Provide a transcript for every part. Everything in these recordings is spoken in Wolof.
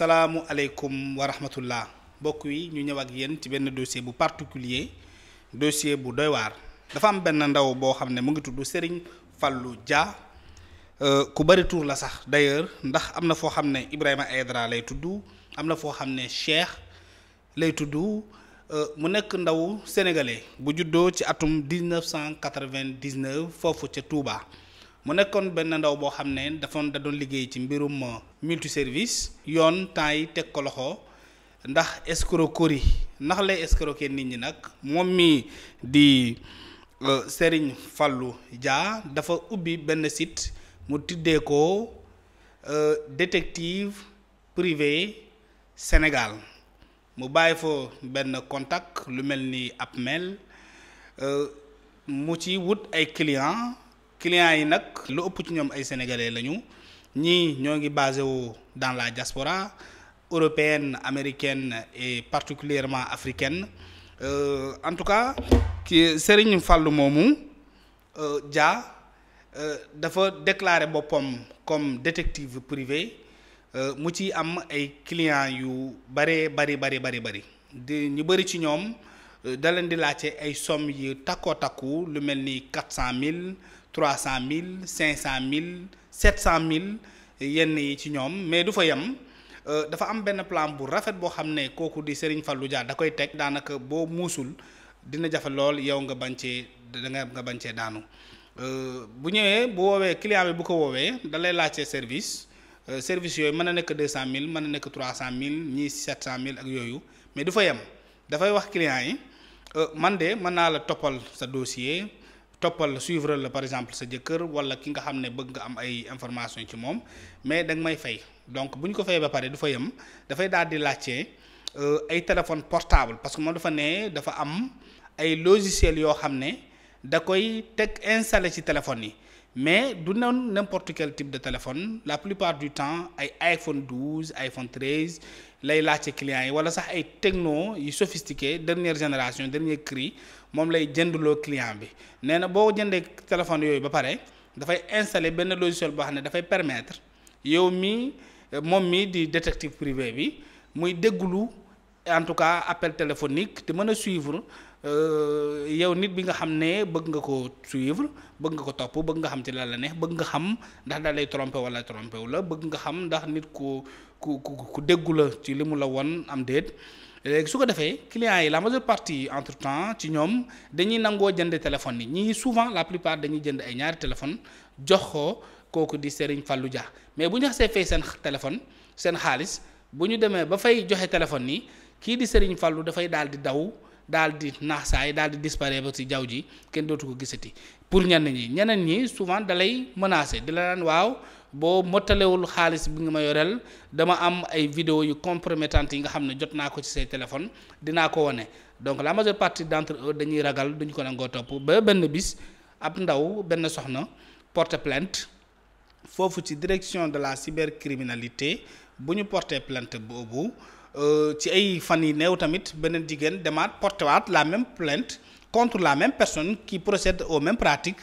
salaamu wa rahmatullah mbokk yi ñu ñëwaat ak yéen ci benn dossier bu particulier dossier bu doy waar dafa am benn ndaw boo xam ne mu ngi tudd Serigne Fallou Dia euh, ku bëri tur la sax d'ailleurs ndax am na foo xam ne Ibrahima Aydara lay tudd am na foo xam ne Cheikh lay tudd euh, mu nekk ndaw sénégalais bu juddoo ci atum 1999 foofu ca Touba. mu nekkoon benn ndaw boo xam ne dafoon da liggéey ci mbirum euh, multiservice yoon temps yi teg ko loxo ndax escroquerie ndax lay nit ñi nag moom mi di euh, sëriñ Fallou Dia dafa ubbi benn sit mu tuddee ko euh, détective privé Sénégal mu bàyyi foo benn contact lu mel ni ab mel mu ci wut ay clients clients yi nag lu ëpp ci ñoom ay sénégalais lañu ñii ñoo ngi basé wu dans la diaspora européenne américaine et particulièrement africaine euh, en tout cas ki Serigne Fallou moomu euh, Dia euh, dafa déclaré boppam comme détective privé euh, mu ci am ay clients yu bare bari bari bari bari di ñu bëri ci ñoom da leen di laajte ay somme yu takkoo takku lu mel ni quatre cent mille trois cent mille cinq cent mille sept cent mille yenn yi ci ñoom mais du fa yem euh, dafa am benn plan bu rafet boo xam ne kooku di Serigne Fallou Dia da koy teg daanaka boo muusul dina jafe lool yow nga bancee danga nga bancee daanu euh, bu ñëwee bu woowee client bu ko woowee da lay laajte service euh, service yooyu mën na nekk deux cent mille mën na nekk trois cent mille ñii sept cent mille ak yooyu mais du fa dafay wax client yi man de mën naa la toppal sa dossier toppal la suivre la par exemple sa jëkkër wala ki nga xam ne bëgg nga am ay information ci moom mais da may fay donc bu ñu ko fayee ba pare du fa yem dafay daal di laajte euh, ay téléphone portable parce que moom dafa nee dafa am ay logiciel yoo xam ne da koy teg installé ci téléphone yi mais du noonu n'importe quel type de téléphone la plupart du temps ay iPhone 12 iPhone 13 lay laaj ci clients yi wala sax ay techno yu sophistiqué dernière génération dernier cri moom lay jëndloo client bi nee na boo jëndee téléphone yooyu ba pare dafay installer benn logiciel boo xam ne dafay permettre yow mii moom mii di détective privé bi muy dégglu en tout cas appel téléphonique te mën a suivre euh, yow nit bi nga xam ne bëgg nga ko suivre bëgg nga ko topp bëgg nga xam ci lal la neex bëgg nga xam ndax da lay trompé wala trompé la bëgg nga xam ndax nit ku ku ku déggu la ci li mu la won am déet léegi su ko defee clients yi la majeure partie entre temps ci ñoom dañuy nangoo jënd téléphone yi ñii souvent la plupart dañuy jënd ay ñaari téléphone jox ko kooku di Serigne Fallou Dia mais bu ñu xasee fay seen téléphone seen xaalis bu ñu demee ba fay joxe téléphone yi. kii di Serigne Fallou dafay daal di daw daal di naaxsaay daal di disparaître ba si jaww ji kenn dootu ko gisati pour ñenn ñi ñeneen ñi souvent dalay menacer di la naan waaw boo mottalewul xaalis bi nga ma yoreel dama am ay video yu compromettantes yi nga xam ne jot naa ko ci say téléphone dinaa ko wane donc la major partie d'entre eux dañuy ragal duñ ko nangoo topp ba benn bis ab ndaw benn soxna porte plainte foofu ci direction de la cybercriminalité bu ñu porté plainte boobu. Euh, ci ay fan yi néew tamit beneen jigéen demaat porté waat la même plainte contre la même personne qui procède au mêmes pratique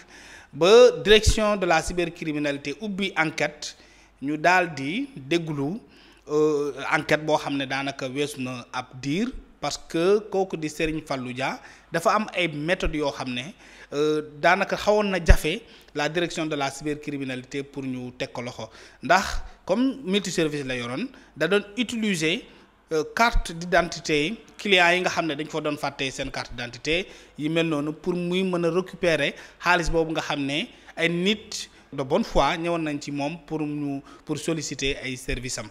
ba direction de la cybercriminalité ubbi enquête ñu daal di déglu euh, enquête boo xam ne daanaka weesu na ab diir parce que kooku di Serigne Fallou Dia dafa am ay méthodes yoo xam ne euh, daanaka xawoon na jafe la direction de la cybercriminalité pour ñu teg ko loxo ndax comme multiservice la yoroon da doon utiliser. Euh, carte d'identité yi clients yi nga xam ne dañ foo doon fàtte seen carte d'identité yi mel noonu pour muy mën a récupérer xaalis boobu nga xam ne ay nit de bonne fois ñëwoon nañ ci moom pour ñu pour solliciter ay service am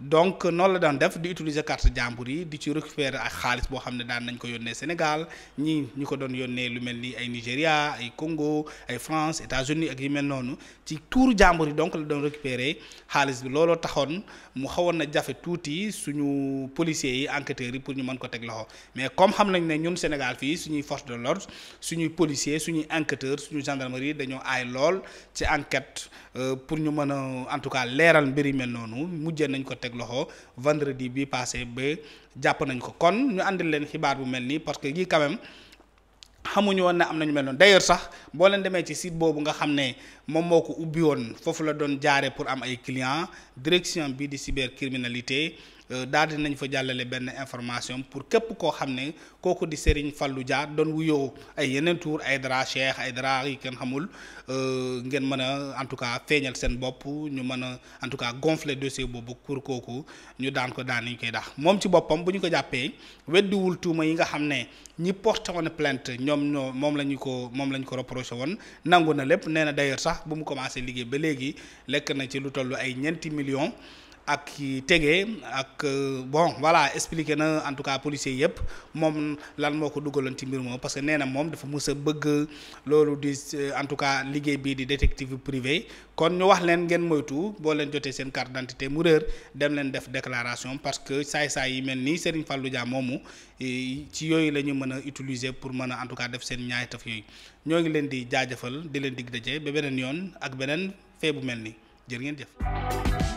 donc noonu la doon def di utiliser carte jàmbur yi di ci récupérer ak xaalis boo xam ne daan nañ ko yónnee Sénégal ñi ñu ko doon yónnee lu mel ni ay Nigéria ay Congo ay France États-Unis ak yu mel noonu ci tuuru jàmbur yi donc la doon récupérer xaalis bi looloo taxoon mu xawoon na jafe tuuti suñu policiers yi enquêteurs yi pour ñu mën ko teg loxo mais comme xam nañ ne ñun Sénégal fii suñuy force de l'ordre suñuy policiers suñuy enquêteurs suñu gendarmerie dañoo aay lool ci enquête euh, pour ñu mën a en tout cas leeral mbir yi mel noonu mujjee teg loxo vendredi bi passé ba jàpp nañ ko kon ñu àndil leen xibaar bu mel nii parce que yii quand même xamuñu woon ne am nañu mel noonu d'ailleurs sax boo leen demee ci site boobu nga xam ne moom moo ko ubbi woon foofu la doon jaare pour am ay clients direction bi di cybercriminalité Euh, daal di nañ fa jàllale benn information pour képp koo xam ne kooku di Serigne Fallou Dia doon wuyoo ay yeneen tour ay dara Cheikh ay dara yi kenn xamul euh, ngeen mën a en tout cas feeñal seen bopp ñu mën a en tout cas gonfler dossier boobu pour kooku ñu daan ko daan ñu koy dax moom ci boppam bu ñu ko jàppee weddiwul tuuma yi nga xam ne ñi porté woon plainte ñoom ñoo moom la ñu ko moom la ko reproché woon nangu na lépp nee na d'ailleurs sax bu mu commencé liggéey ba léegi lekk na ci lu tollu ay ñeenti millions ak tege ak euh, bon voilà expliqué na en tout cas policier yëpp moom lan moo ko dugaloon ci mbir moom parce que nee na moom dafa mës bëgg loolu di euh, en tout cas liggéey bii di détective privé kon ñu wax leen ngeen moytu boo leen jotee seen carte d'identité mu réer dem leen def déclaration parce que saay-saay yi mel nii Serigne Fallou Dia moomu euh, ci yooyu la ñu mën a utiliser pour mën a en tout cas def seen ñaay taf yooyu ñoo ngi leen di jaajëfal di leen dig daje ba beneen yoon ak beneen fee bu mel nii jërë ngeen jëf